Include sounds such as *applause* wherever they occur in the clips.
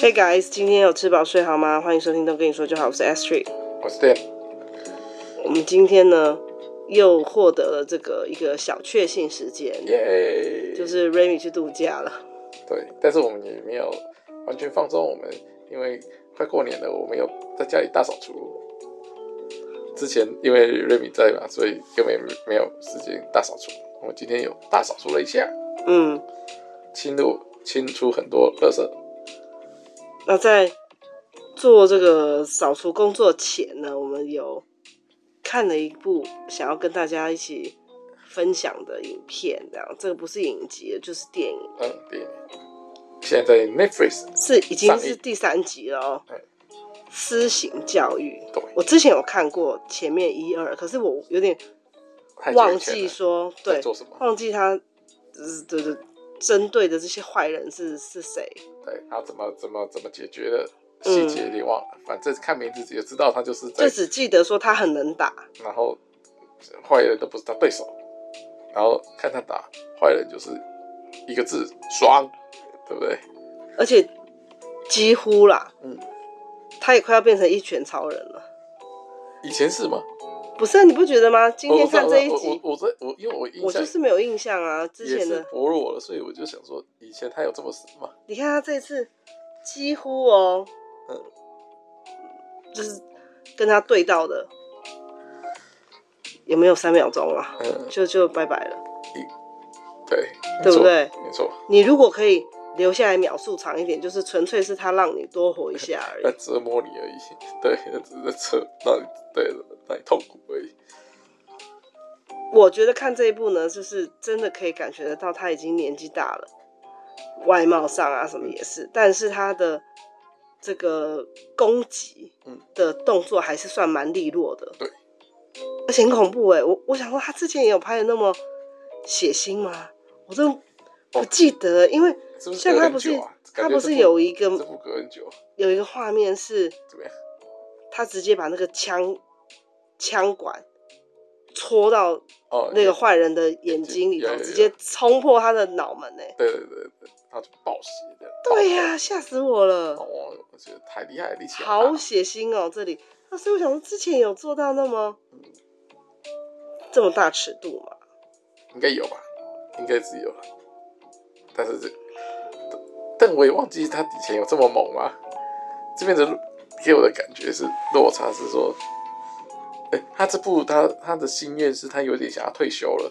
Hey guys，今天有吃飽睡好嗎？歡迎收聽《都跟你說就好》，我是 S Three，我是 Dan。我們今天呢，又獲得了這個一個小確幸時間，耶 Yay！就是 Remy 去度假了。對，但是我們也沒有完全放鬆，我們因為快過年了，我們有在家裡大掃除。之前因為 Remy 在嘛，所以根本沒，沒有時間大掃除。我今天有大掃除了一下，嗯，清入清出很多垃圾。那在做這個掃除工作前呢，我們有看了一部想要跟大家一起分享的影片，這樣這個不是影集，就是電影。嗯，電影。嗯，現在 Netflix 是已經是第三集了哦。對私刑教育，對我之前有看過前面一二，可是我有點忘記說對，忘記他這這。對對對針對的這些壞人是是誰？對他怎麼怎麼怎麼解決的細節，你忘了？反正看名字也知道，他就是。就只記得說他很能打，然後壞人都不是他對手，然後看他打壞人就是一個字爽，對不對？而且幾乎啦，嗯，他也快要變成一拳超人了。以前是嗎？不是、啊、你不覺得嗎？今天看這一集，哦、我我我，我，因為我印象，我就是沒有印象啊。之前的薄弱了，所以我就想說，以前他有這麼神嗎？你看他這一次幾乎哦、喔嗯，嗯，就是跟他對到的，也沒有三秒鐘了、啊，嗯，就就拜拜了。嗯、對對不對？沒錯錯。你如果可以留下來，秒數長一點，就是純粹是他讓你多活一下而已，他折磨、嗯、你而已。對，那是在讓你對了。太痛苦而已。我覺得看這一部呢，就是真的可以感覺得到他已經年紀大了，外貌上啊什麼也是，嗯、但是他的這個攻擊，的動作還是算蠻利落的，嗯、對，而且很恐怖哎、欸！我我想說，他之前也有拍得那麼血腥嗎？我都不記得，哦、因為像他不是，是，不是、啊、他不是有一個、啊、有一個畫面是怎麼樣？他直接把那個槍。槍管戳到那個壞人的眼睛裡頭，哦、直接衝破他的腦門誒、欸！對對對對，他就爆血的。對呀、啊，嚇死我了！哦，oh, oh, 我覺得太厲害了，厲害！好血腥哦、喔，這裡。那、啊、所以我想說，之前有做到那麼、嗯、這麼大尺度嗎？應該有吧，應該只有。但是這，但我也忘記他以前有這麼猛嗎？這邊的給我的感覺是落差，是說。哎、欸，他這部他他的心願是他有點想要退休了，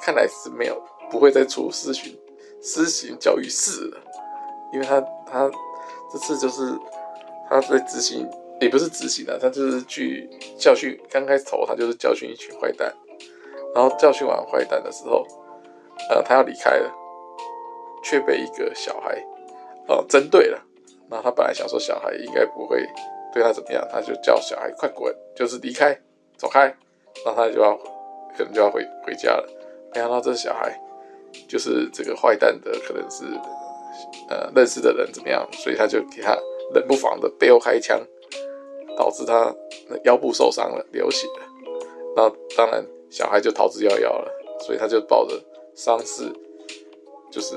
看來是沒有不會再出私《私刑私刑教育四》了，因為他他，他這次就是他在執行也不是執行了，啊、他就是去教訓。剛開始頭他就是教訓一群壞蛋，然後教訓完壞蛋的時候，呃，他要離開了，卻被一個小孩呃針對了。那他本來想說小孩應該不會。對他怎麼樣，他就叫小孩快滾，就是離開，走開，那他就要，可能就要回回家了。沒想到這小孩，就是這個壞蛋的可能是，呃，認識的人怎麼樣，所以他就給他冷不防的背後開槍，導致他那腰部受傷了，流血了。那當然，小孩就逃之夭夭了，所以他就抱着傷勢，就是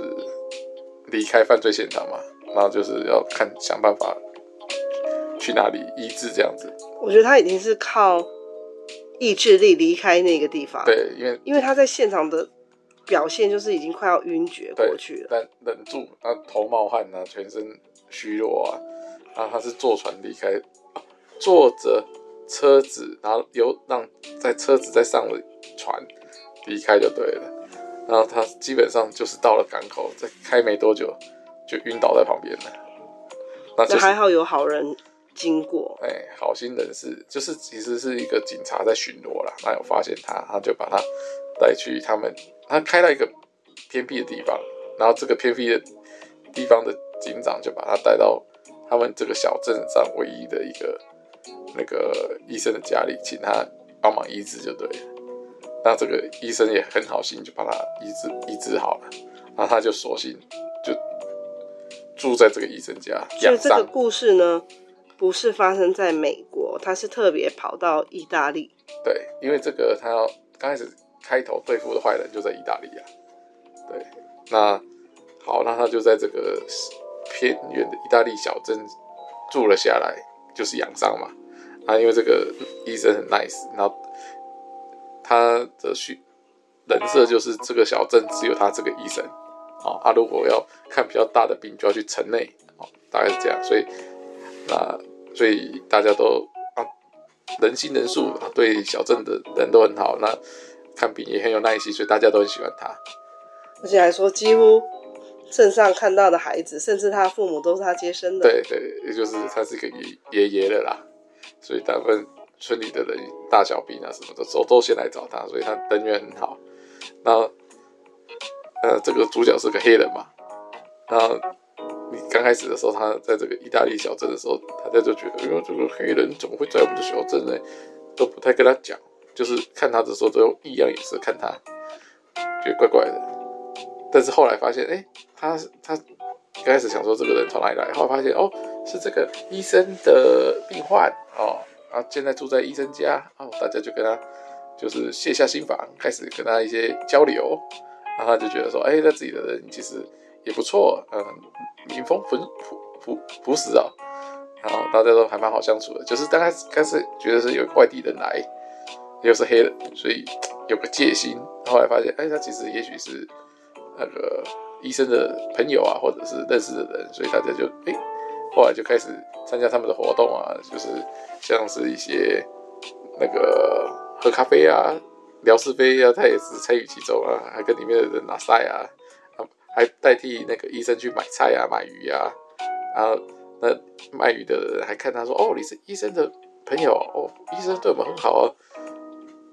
離開犯罪現場嘛，然後就是要看想辦法。去哪裡醫治？這樣子，我覺得他已經是靠意志力離開那個地方。對，因為因為他在現場的表現就是已經快要暈厥過去了，但忍住，啊，頭冒汗啊，全身虛弱啊，然後他是坐船離開，啊、坐着車子，然後有讓在車子再上了船離開就對了，然後他基本上就是到了港口，再開沒多久就暈倒在旁邊了。那，就是，那還好有好人。經過哎、欸，好心人士就是其實是一個警察在巡邏了，那有發現他，他就把他帶去他們他開了一個偏僻的地方，然後這個偏僻的地方的警長就把他帶到他們這個小鎮上唯一的一個那個醫生的家裡，請他幫忙醫治就對了。那這個醫生也很好心，就把他醫治醫治好了，那他就索性就住在這個醫生家，養傷。啊，其實這個故事呢？不是發生在美國，他是特別跑到意大利。對，因為這個他要剛開始開頭對付的壞人就在意大利啊。對，那好，那他就在這個偏遠的意大利小鎮住了下來，就是養傷嘛。啊，因為這個醫生很 nice，然後他的人設就是這個小鎮只有他這個醫生啊。他如果要看比較大的病，就要去城內啊，大概是這樣，所以。那所以大家都啊，仁心仁術，對小鎮的人都很好。那看病也很有耐心，所以大家都很喜歡他。而且還說，幾乎鎮上看到的孩子，甚至他父母都是他接生的。對對，也就是他是一個爺爺爺的啦。所以大部分村裡的人，大小病啊什麼的，都都先來找他，所以他人緣很好。然後，呃，這個主角是個黑人嘛，然後。你剛開始的時候，他在這個意大利小鎮的時候，大家就覺得，因為這個黑人怎麼會在我們的小鎮呢？都不太跟他講，就是看他的時候都用異樣眼神看他，覺得怪怪的。但是後來發現，哎、欸，他他剛開始想說這個人從哪裡來，後來發現哦，是這個醫生的病患哦，然後現在住在醫生家哦，大家就跟他就是卸下心防，開始跟他一些交流，然後他就覺得說，哎、欸，那自己的人其實。也不錯，嗯，民風很樸樸樸實啊，然後大家都還蠻好相處的，就是剛開始開始覺得是有外地人來，又是黑人，所以有個戒心。後來發現，哎，他其實也許是那個醫生的朋友啊，或者是認識的人，所以大家就哎，後來就開始參加他們的活動啊，就是像是一些那個喝咖啡啊、聊是非啊，他也是參與其中啊，還跟裡面的人拉塞啊。還代替那個醫生去買菜啊，買魚啊，啊，那賣魚的人還看他說，哦，你是醫生的朋友哦，醫生對我們很好哦，啊，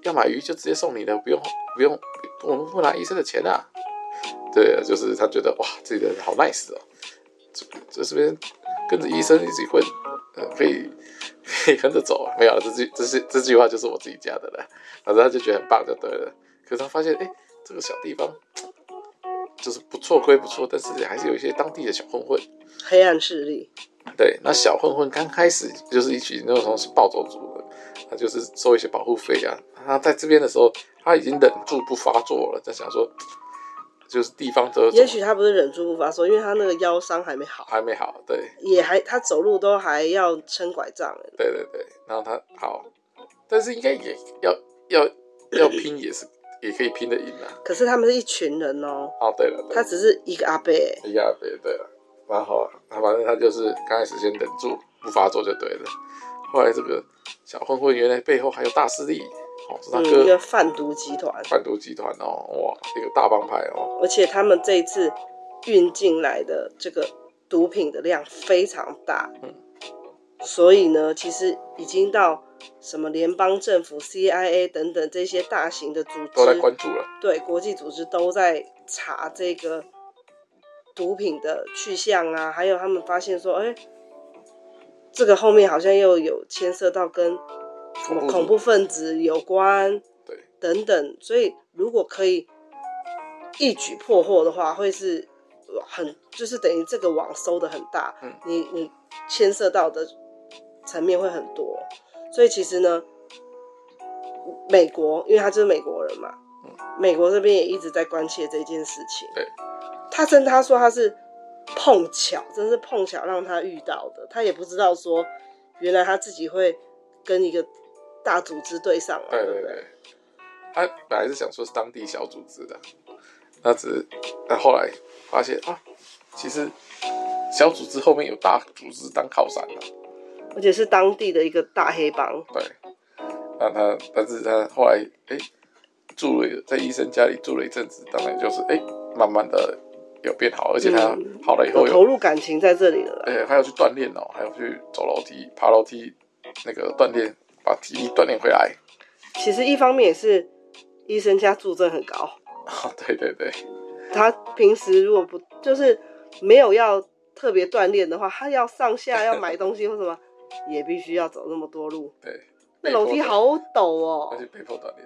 要買魚就直接送你了，不用不用，我們不，不拿醫生的錢啊。對，就是他覺得哇，這個人好 nice 哦，就就這這邊跟着醫生一起混，呃，可以可以跟着走，沒有了，這句這是這句話就是我自己加的了，反正他就覺得很棒就對了。可是他發現，哎，欸，這個小地方。就是不錯歸不錯，但是也還是有一些當地的小混混，黑暗勢力。對，那小混混剛開始就是一群那種是暴走族的，他就是收一些保護費啊。他在這邊的時候，他已經忍住不發作了，在想說，就是地方的。也許他不是忍住不發作，因為他那個腰傷還沒好，還沒好。對，也還他走路都還要撐拐杖。對對對，然後他好，但是應該也要要要拼也是。 *coughs* 也可以拼得贏啊！可是他們是一群人哦、喔。哦、啊，對了，對了他只是一個阿伯。一個阿伯，對了，蠻好、啊。他反正他就是剛開始先忍住不發作就對了。後來這個小混混原來背後還有大勢力哦、喔，是他哥販、嗯、毒集團。販毒集團哦、喔，哇，一個大幫派哦、喔。而且他們這一次運進來的這個毒品的量非常大，嗯，所以呢，其實已經到。什麼聯邦政府、CIA 等等這些大型的組織都在關注了。對，國際組織都在查這個毒品的去向啊。還有他們發現說，哎，這個後面好像又有牽涉到跟恐怖分子有關，對，等等。對所以如果可以一舉破獲的話，會是很就是等於這個網收的很大，你、嗯、你牽涉到的層面會很多。所以其實呢，美國，因為他就是美國人嘛，嗯、美國這邊也一直在關切這件事情。對，他真的他說他是碰巧，真是碰巧讓他遇到的，他也不知道說原來他自己會跟一個大組織對上了、啊。對對對，對對他本來是想說是當地小組織的，那只是那後來發現啊，其實小組織後面有大組織當靠山了。而且是當地的一個大黑幫。對，那他，但是他後來，哎、欸，住了在醫生家裡住了一陣子，當然就是哎、欸，慢慢的有變好，嗯、而且他好了以後有，有投入感情在這裡了。對、欸，還要去鍛鍊哦，還要去走樓梯、爬樓梯，那個鍛鍊，把體力鍛鍊回來。其實一方面也是醫生家住證很高、哦。對對對、對。他平時如果不就是沒有要特別鍛鍊的話，他要上下要買東西或什麼。 *laughs* 也必須要走那麼多路，對，那樓梯好陡哦，而且被迫鍛鍊，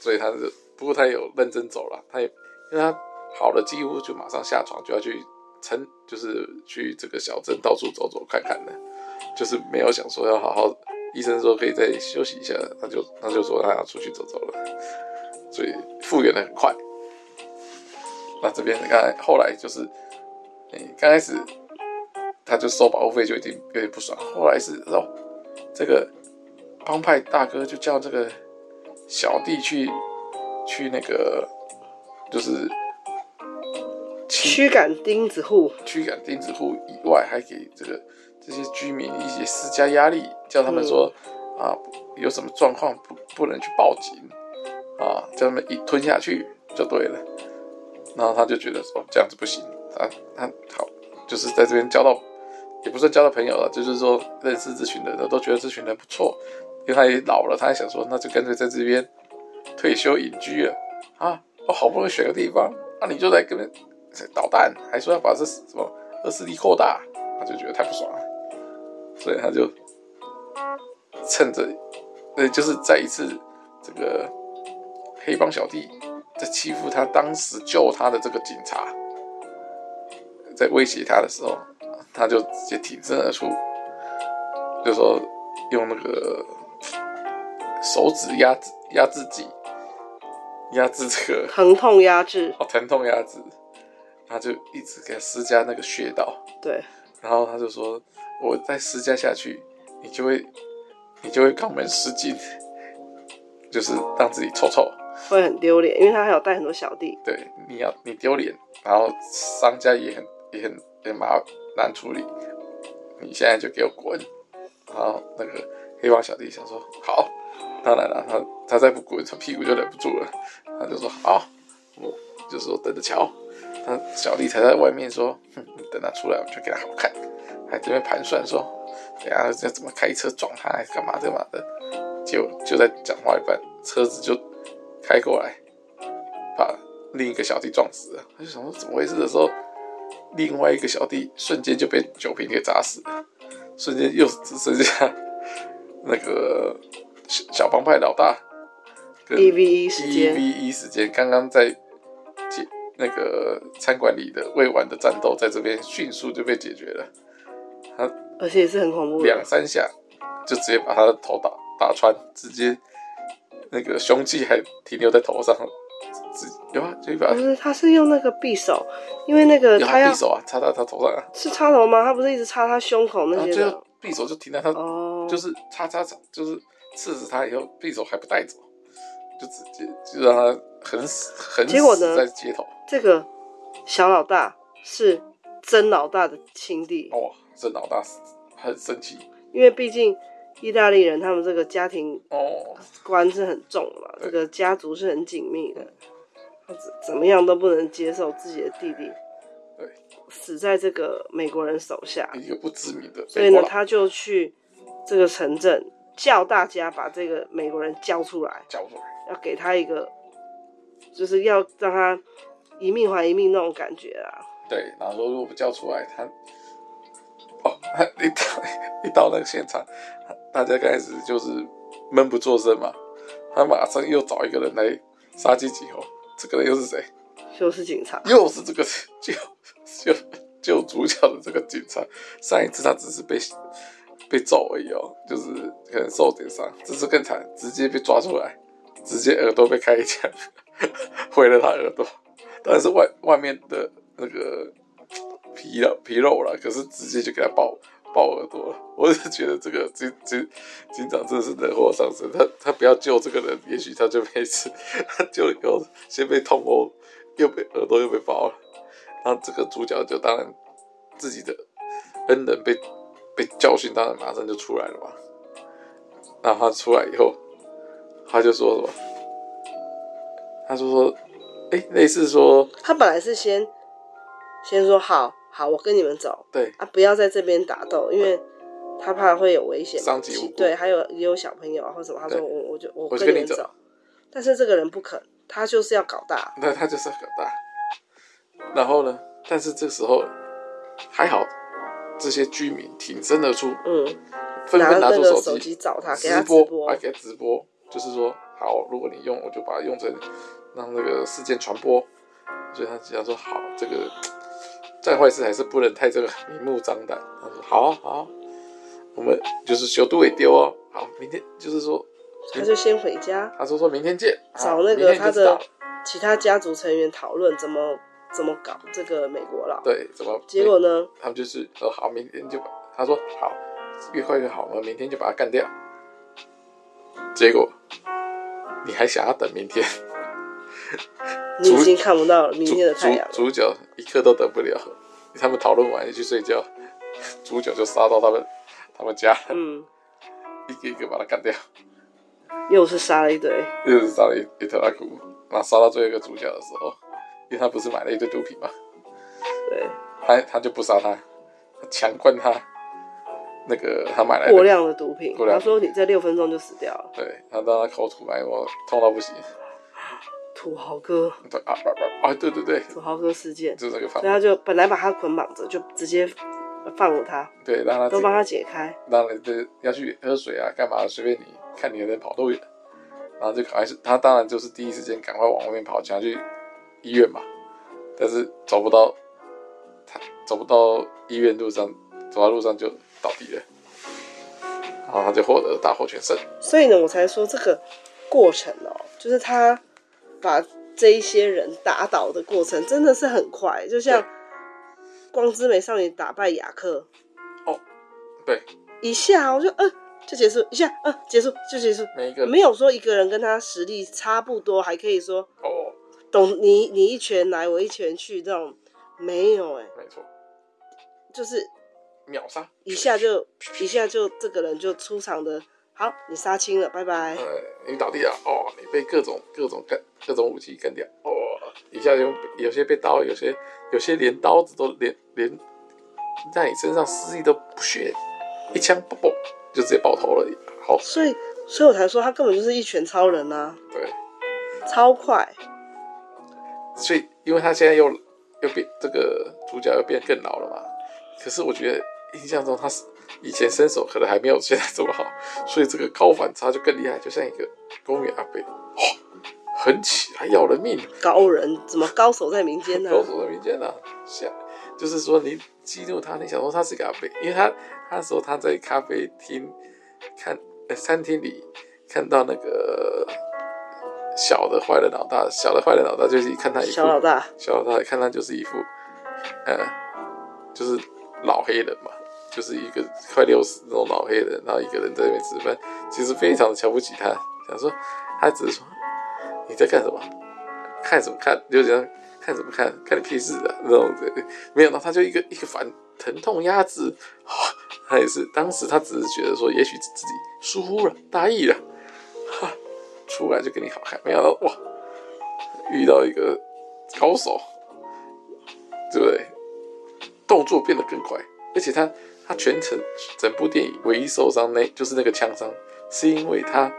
所以他是不過他也有認真走了，他也因為他好了，幾乎就馬上下床就要去撐，就是去這個小鎮到處走走看看的，就是沒有想說要好好，醫生說可以再休息一下，他就他就說他要出去走走了，所以復原的很快。那這邊你看，後來就是，哎，剛開始。他就收保護費，就已經有點不爽。後來是哦，這個幫派大哥就叫這個小弟去去那個，就是驅趕釘子戶，驅趕釘子戶以外，還給這個這些居民一些施加壓力，叫他們說、嗯、啊，有什麼狀況不不能去報警啊，叫他們一吞下去就對了。然後他就覺得說這樣子不行啊，他，他好就是在這邊交到。也不是交到朋友了，啊，就是說認識這群人的，都覺得這群人不錯。因為他也老了，他還想說，那就乾脆在這邊退休隱居了啊。我、哦，好不容易選個地方，那、啊，你就來跟搗蛋，還說要把這什麼惡勢力擴大，他就覺得太不爽了，所以他就趁着，呃，就是在一次這個黑幫小弟在欺負他，當時救他的這個警察在威脅他的時候。他就直接挺身而出，就說用那個手指壓壓自己，壓制這個疼痛壓制。哦，疼痛壓制，他就一直給他施加那個穴道。對。然後他就說：“我再施加下去，你就會你就會肛門失禁，就是讓自己臭臭。”會很丟臉，因為他還有帶很多小弟。對，你要你丟臉，然後商家也很也很也很麻煩。難處理，你現在就給我滾！然後那個黑幫小弟想說好，當然了，啊，他他再不滾，他屁股就忍不住了。他就說好，我就是說等着瞧。他小弟才在外面說，哼，等他出來，我就給他好看。他在這邊盤算說，等下要怎麼開車撞他，還是幹嘛幹嘛的，就就在講話一半，車子就開過來，把另一個小弟撞死了。他就想說怎麼回事的時候。另外一個小弟瞬間就被酒瓶給砸死了，瞬間又只剩下那個小小幫派老大。一 v 一時間，一 v 一時間，剛剛在那個餐館裡的未完的戰鬥，在這邊迅速就被解決了。他而且也是很恐怖，兩三下就直接把他的頭打打穿，直接那個兇器還停留在頭上。對吧？有啊、就一不是，他是用那個匕首，因為那個他要他匕首啊，插到他頭上，啊。是插頭嗎？他不是一直插他胸口那些就、啊、匕首就停在他，oh. 就是插插插，就是刺死他以後，匕首還不帶走，就直接就讓他很死，很死在街頭。這個小老大是真老大的親弟。哦，oh, 真老大很生氣，因為畢竟意大利人他們這個家庭觀是很重的嘛，oh. 這個家族是很緊密的。怎麼樣都不能接受自己的弟弟，對，死在這個美國人手下一個不知名的，所以呢，他就去這個城鎮叫大家把這個美國人交出來，交出來，要給他一個，就是要讓他一命還一命那種感覺啊。對，然後說如果不交出來，他哦，他一到，一到那個現場，大家開始就是悶不作聲嘛，他馬上又找一個人來殺雞儆猴。這個人又是誰？又是警察？又是這個救救救主角的這個警察。上一次他只是被被揍而已哦，就是可能受點傷。這次更慘，直接被抓出來，直接耳朵被開一槍，毀了他耳朵。對當然是外外面的那個皮了皮肉了，可是直接就給他爆。爆耳朵了！我就覺得這個警警警長真的是惹禍上身。他他不要救這個人，也許他就沒事。他救了以後，先被痛毆，又被耳朵又被爆了。然後這個主角就當然自己的恩人被被教訓，當然馬上就出來了嘛。那他出來以後，他就說什麼？他說說，哎、欸，類似說，他本來是先先說好。好，我跟你們走。對啊，不要在這邊打鬥，因為他怕會有危險，傷及無辜。對，還有也有小朋友、啊、或者什麼，他說我對我就我跟你們走。走，但是這個人不肯，他就是要搞大。那他就是要搞大。然後呢，但是這時候還好，這些居民挺身而出，嗯，紛紛，紛拿出手機找他給他直播，還給他直播，就是說好，如果你用，我就把它用在，讓那個事件傳播。所以他只要說好這個。幹壞事還是不能太這個明目張膽。他說：“好啊、好啊，我們就是小肚也丟哦。好，明天就是說，他就先回家。他說：‘說明天見。’找那個他的其他家族成員討論怎麼怎麼搞這個美國佬。對，怎麼？結果呢？他們就是說：‘好，明天就把……’他說：‘好，越快越好。’我們明天就把他幹掉。結果，你還想要等明天？”你已經看不到明天的太陽。主角一刻都等不了，他們討論完就去睡覺，主角就殺到他們，他們家，嗯，一個一個把他幹掉，又是殺了一堆，又是殺了一一條大狗，那殺到最後一個主角的時候，因為他不是買了一堆毒品嗎？對，他他就不殺他，強灌他，強他那個他買來的過量的毒品，毒品，他說你在六分鐘就死掉了，對他當他口吐白沫，我痛到不行。土豪哥對啊啊啊！對對對，啊、土豪哥事件就是這個放，然後就本來把他捆綁着，就直接放了他。對，讓他都幫他解開。當然，這要去喝水啊，幹嘛隨便你，看你能跑多遠。然後就還是他，當然就是第一時間趕快往外面跑，想要去醫院嘛。但是找不到，他走不到醫院，路上走到路上就倒地了。然後他就獲得了大獲全勝。所以呢，我才說這個過程哦，就是他。把這一些人打倒的過程真的是很快，欸，就像光之美少女打敗雅克哦，對，一下我就嗯、呃、就結束，一下嗯、呃、結束就結束，每一個沒有說一個人跟他實力差不多還可以說哦，懂你，你一拳來我一拳去這種沒有哎、欸，沒錯，就是秒殺一下就一下就這個人就出場的。好，你殺青了，拜拜。呃、嗯，你倒地了哦，你被各種各種幹各種武器幹掉哦，一下就有有些被刀，有些有些連刀子都連連在你身上撕裂都不血，一槍嘣嘣，就直接爆頭了。好，所以所以我才說他根本就是一拳超人啊。對，超快。所以，因為他現在又又變這個主角又變更老了嘛。可是我覺得印象中他是。以前身手可能還沒有現在這麼好，所以這個高反差就更厲害，就像一個公園阿伯，哇、哦，很起來要了命，高人怎麼高手在民間呢？高手在民間呢、啊，像就是說你激怒他，你想說他是個阿伯，因為他他說他在咖啡廳看、呃、餐廳裡看到那個小的壞的老大，小的壞的老大就是看他一副小老大，小老大看他就是一副，呃，就是老黑人嘛。就是一個快六十那種老黑人，然後一個人在那邊吃飯，其實非常的瞧不起他，想說他只是說你在幹什麼，看什麼看，就這樣看什麼看，看你屁事啊那種的。沒想到他就一個一個反疼痛壓制，哇！他也是當時他只是覺得說，也許自己疏忽了，大意了，哈，出來就跟你好看。沒想到哇，遇到一個高手，對不對？動作變得更快，而且他。他全程整部電影唯一受傷那就是那個槍傷，是因為他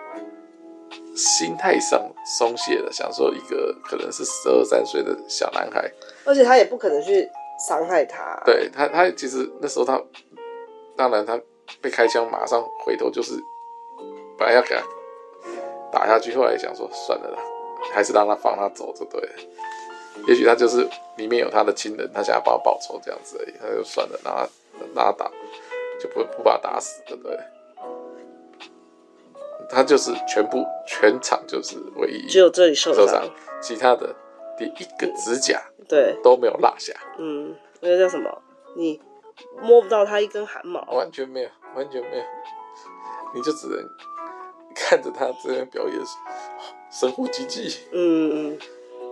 心態上鬆懈了，想說一個可能是十二三歲的小男孩，而且他也不可能去傷害他。對他，他其實那時候他當然他被開槍，馬上回頭就是本來要給他打下去，後來想說算了啦，還是讓他放他走就對了。也許他就是裡面有他的親人，他想要幫我報仇這樣子而已，他就算了，讓他。拉倒，就不不把他打死，對不對？他就是全部全場就是唯一，只有這裡受傷，受傷其他的連一個指甲對都沒有落下。嗯，那個叫什麼？你摸不到他一根汗毛，完全沒有，完全沒有。你就只能看着他這樣表演，神乎其技。嗯嗯，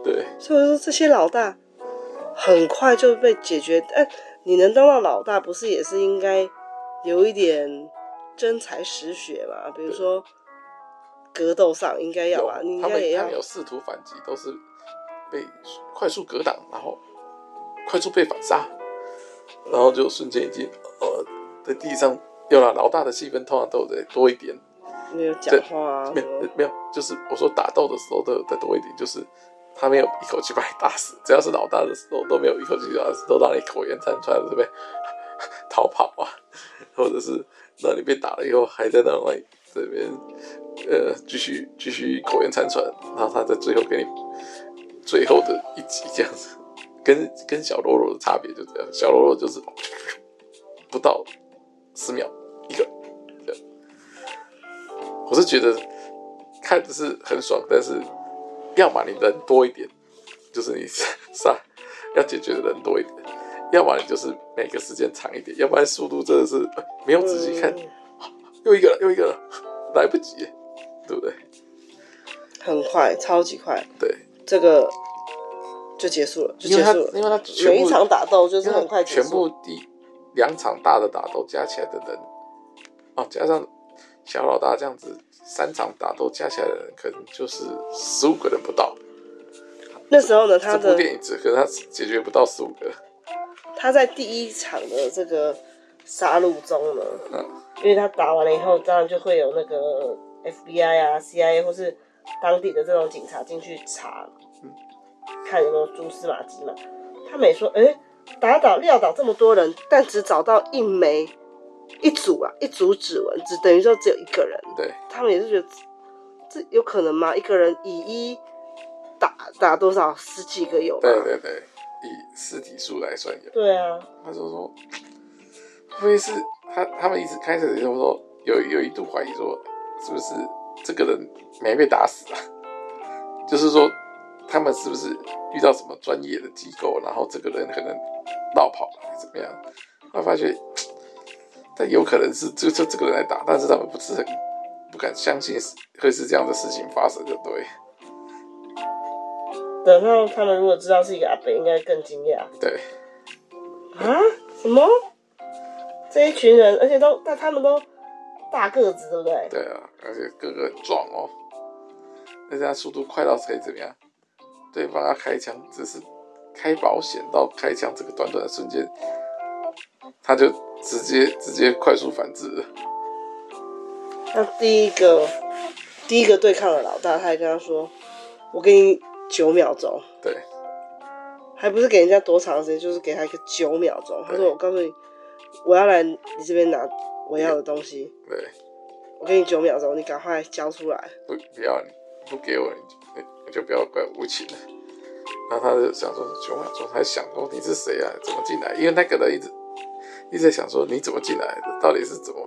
對。所以說這些老大很快就被解決，哎你能當到老大，不是也是應該有一點真才實學嘛？比如說，格鬥上應該要吧，他們他們有試圖反擊，都是被快速格擋，然後快速被反殺，然後就瞬間已經呃在地上有了。老大的戲份通常都得多一點，沒有講話，啊，沒有沒有，就是我說打鬥的時候都有得多一點，就是。他沒有一口氣把你打死，只要是老大的時候都沒有一口氣打死，都讓你苟延殘喘，這邊逃跑啊，或者是讓你被打了以後還在那裡這邊呃繼續繼續苟延殘喘，然後他在最後給你最後的一擊這樣子，跟跟小嘍囉的差別就這樣，小嘍囉就是不到十秒一個，這樣。我是覺得看着是很爽，但是。要麼你人多一點，就是你是要解決的人多一點；要麼你就是每個時間長一點；要不然速度真的是沒有仔細看，嗯，又，又一個了，又一個了，來不及，對不對？很快，超級快。對，這個就結束了。就結束了，因為他每一場打鬥就是很快，全部第兩場大的打鬥加起來的人，哦，加上小老大這樣子。三場打鬥加起來的人，可能就是十五個人不到。那時候呢，他的這部電影只可能他解決不到十五個。他在第一場的這個殺戮中呢，嗯，因為他打完了以後，當然就會有那個 FBI 啊、CIA 或是當地的這種警察進去查，嗯，看有沒有蛛絲馬跡嘛。他每說，哎、欸，打倒撂倒這麼多人，但只找到一枚。一組啊，一組指紋，只等於說只有一個人。對，他們也是覺得，這有可能嗎？一個人以一打打多少，十幾個有？對對對，以屍體數來算有。對啊，他就說，說，除非是他，他們一直開始的時候說有有一度懷疑說，是不是這個人沒被打死啊？就是說，他們是不是遇到什麼專業的機構，然後這個人可能逃跑了、啊、怎麼樣？嗯、他發覺但有可能是就就這個人來打，但是他們不是很不敢相信是會是這樣的事情發生的，對。等到他們如果知道是一個阿北，應該更驚訝。對。啊？什麼？這一群人，而且都，但他們都大個子，對不對？對啊，而且個個壯哦。那這樣速度快到是可以怎麼樣？對方要開槍，只是開保險到開槍這個短短的瞬間，他就。直接直接快速反制。那第一個、嗯、第一個對抗的老大，他也跟他說：“我給你九秒鐘。”對，還不是給人家多長時間，就是給他一個九秒鐘。他說：“我告訴你，對我要來你這邊拿我要的東西。”對，我給你九秒鐘，你趕快交出來。不不要，你不給我，你就你，你就不要怪我無情了。然後他就想說九秒鐘，他想說你是誰啊？怎麼進來？因為那個人一直。一直在想說你怎麼進來的，到底是怎麼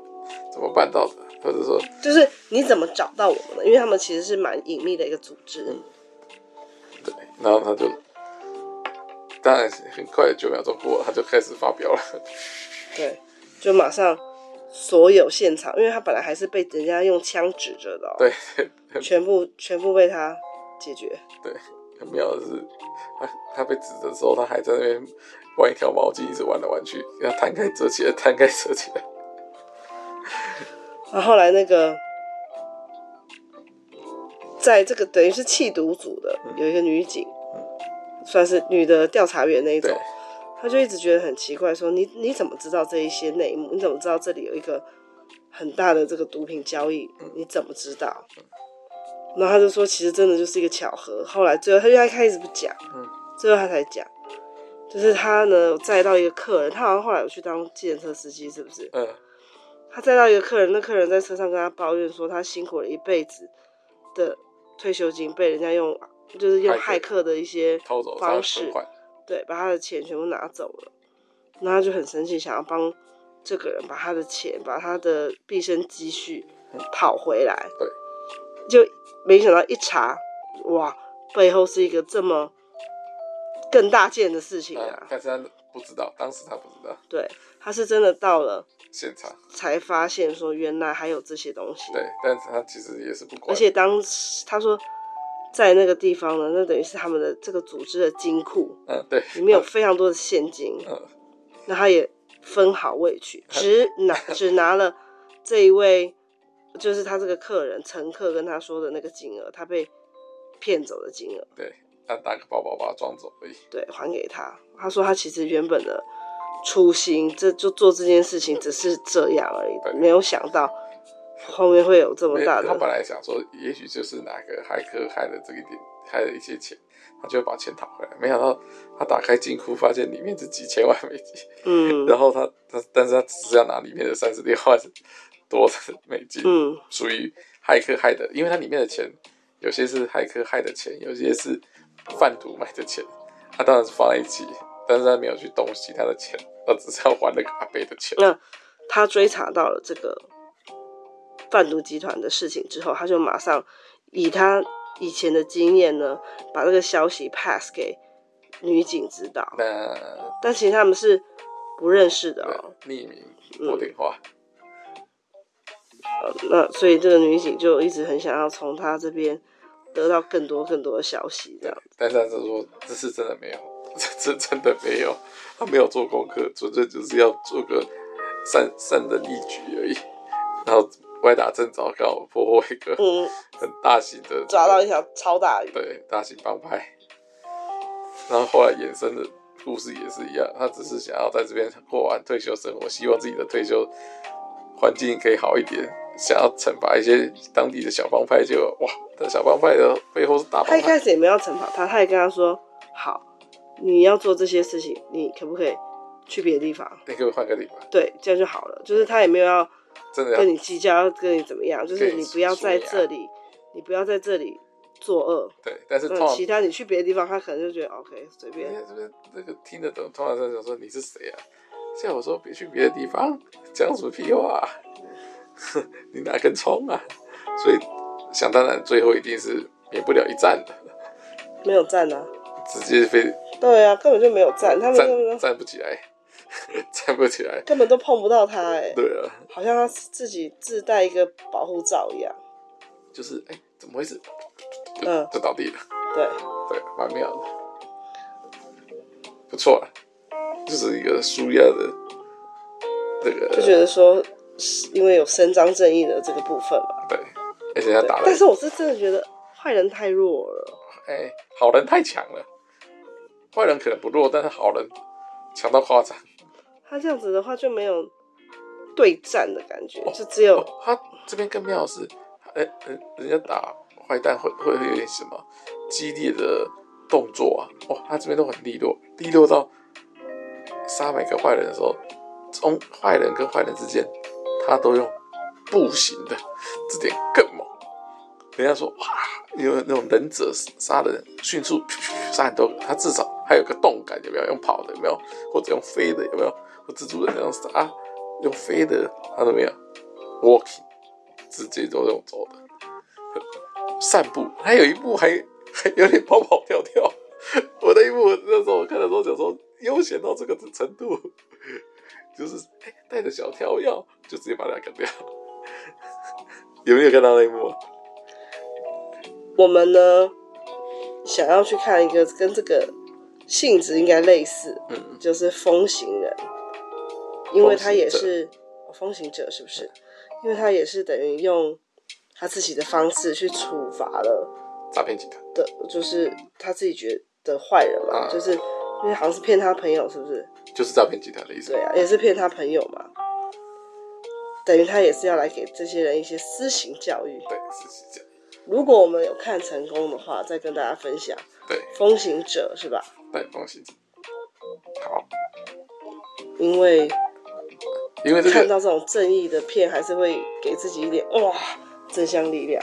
怎麼辦到的？或者說，就是你怎麼找到我們的？因為他們其實是蠻隱秘的一個組織。嗯。對，然後他就，當然很快九秒鐘過了，他就開始發飆了。對，就馬上所有現場，因為他本來還是被人家用槍指着的喔。對，全部全部被他解決。對，很妙的是，他他被指着的時候，他還在那邊。換一條毛巾，一直玩來玩去，給他攤開折起來，攤開折起來。那 *laughs* 後，後來那個，在這個等於是緝毒組的，嗯、有一個女警，嗯、算是女的調查員那一種，她對就一直覺得很奇怪說，說你你怎麼知道這一些內幕？你怎麼知道這裡有一個很大的這個毒品交易？嗯、你怎麼知道？嗯、然後她就說，其實真的就是一個巧合。後來最後他，她就開始不講，嗯、最後她才講。就是他呢，載到一個客人，他好像後來有去當計程車司機，是不是？嗯。他載到一個客人，那客人在車上跟他抱怨說，他辛苦了一輩子的退休金被人家用，就是用駭客的一些方式，偷走、偷走，對，把他的錢全部拿走了。然後他就很生氣，想要幫這個人把他的錢，把他的畢生積蓄討回來。嗯、對。就沒想到一查，哇，背後是一個這麼。更大件的事情啊，但是他不知道，當時他不知道，對，他是真的到了現場才發現說原來還有這些東西，對，但是他其實也是不管，而且當時他說在那個地方呢，那等於是他們的這個組織的金庫，嗯，對，裡面有非常多的現金，嗯，那他也分毫未取，只拿只拿了這一位就是他這個客人乘客跟他說的那個金額，他被騙走的金額，對。他打個包包把它裝走而已。對，還給他。他說他其實原本的初心，這就做這件事情只是這樣而已，對沒有想到後面會有這麼大的。他本來想說，也許就是哪個駭客害了這一點，害了一些錢，他就會把錢討回來。沒想到他打開金庫，發現裡面是幾千萬美金。嗯。然後他他但是他只是要拿裡面的三十六萬多的美金。嗯。屬於駭客害的，因為他裡面的錢有些是駭客害的錢，有些是。販毒買的錢，他當然是放在一起，但是他沒有去動用他的錢，他只是要還那個阿貝的錢。那他追查到了這個販毒集團的事情之後，他就馬上以他以前的經驗呢，把這個消息 pass 給女警知道。那但其實他們是不認識的哦、喔，匿名不聽話。嗯呃、那所以這個女警就一直很想要從他這邊。得到更多更多的消息，這樣。但是他說這次真的沒有，這次真的沒有，他沒有做功課，純粹就是要做個善善人一舉而已，然後歪打正着剛好破獲一個嗯，很大型的大、嗯、抓到一條超大魚，對，大型幫派，然後後來衍生的故事也是一樣，他只是想要在這邊過完退休生活，嗯、希望自己的退休環境可以好一點。想要懲罰一些當地的小幫派，就哇，這小幫派的背後是大幫派。他一開始也沒有懲罰他，他也跟他說：“好，你要做這些事情，你可不可以去別的地方？你給我換個地方。”對，這樣就好了。對就是他也沒有要真的跟你計較，跟你怎麼樣。就是你不要在這裡，你不要在這裡作惡。對，但是、嗯、其他你去別的地方，他可能就覺得 OK，隨便。這那個聽得懂，通常在想說：“你是誰啊？”像我說：“別去別的地方。”講屬屁話。嗯 *laughs* 你哪根蔥啊？所以想當然，最後一定是免不了一戰的。沒有站呢、啊，直接飛。對啊，根本就沒有站，他們站不起來， *laughs* 站不起來，根本都碰不到他、欸。哎，對啊，好像他自己自帶一個保護罩一樣。就是哎、欸，怎麼回事？嗯，就倒地了。對，對，蠻妙的，不錯啊，就是一個紓壓的這個。就覺得說。因為有伸張正義的這個部分嘛，對，而且要打了，但是我是真的覺得壞人太弱了，哎、欸，好人太強了，壞人可能不弱，但是好人強到誇張。他這樣子的話就沒有對戰的感覺，哦、就只有、哦哦、他這邊更妙的是，哎、欸，人家打壞蛋會會有點什麼激烈的動作啊，哦，他這邊都很利落，利落到殺每個壞人的時候，從壞人跟壞人之間。他都用步行的，這點更猛。人家說哇，因為那種忍者殺的人迅速，殺很多人他至少還有個動感，有沒有用跑的，有沒有或者用飛的，有沒有或蜘蛛人那樣啊？用飛的他都沒有？walking，直接就用走的，嗯、散步。他有一部還還有點跑跑跳跳。我的一部那時候我看的時候講說悠閒到這個程度。就是帶着小跳躍，就直接把他干掉。 *laughs* 有沒有看到那一幕？我們呢，想要去看一個跟這個性質應該類似，嗯、就是風行人，行因為他也是、哦、風行者，是不是？嗯、因為他也是等於用他自己的方式去處罰了詐騙集團的，就是他自己覺得壞人嘛，嗯、就是因為好像是騙他朋友，是不是？就是詐騙集團的意思。對啊,也是騙他朋友嘛，等於他也是要來給這些人一些私刑教育。對，私刑教育。如果我們有看成功的話，再跟大家分享。對。風行者是吧？對，風行者。好。因為，因為、這個、看到這種正義的片，還是會給自己一點哇，正向力量，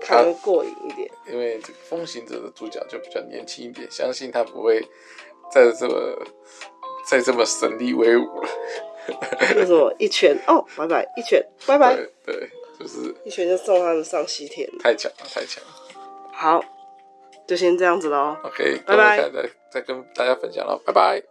看、嗯、過癮一點。因為這個風行者的主角就比較年輕一點，相信他不會再這麼。再這麼神力威武了，那什麼一拳哦，拜拜一拳，拜拜，對，對，就是一拳就送他們上西天，太強了，太強了。好，就先這樣子囉。OK，拜拜，再再跟大家分享囉，拜拜。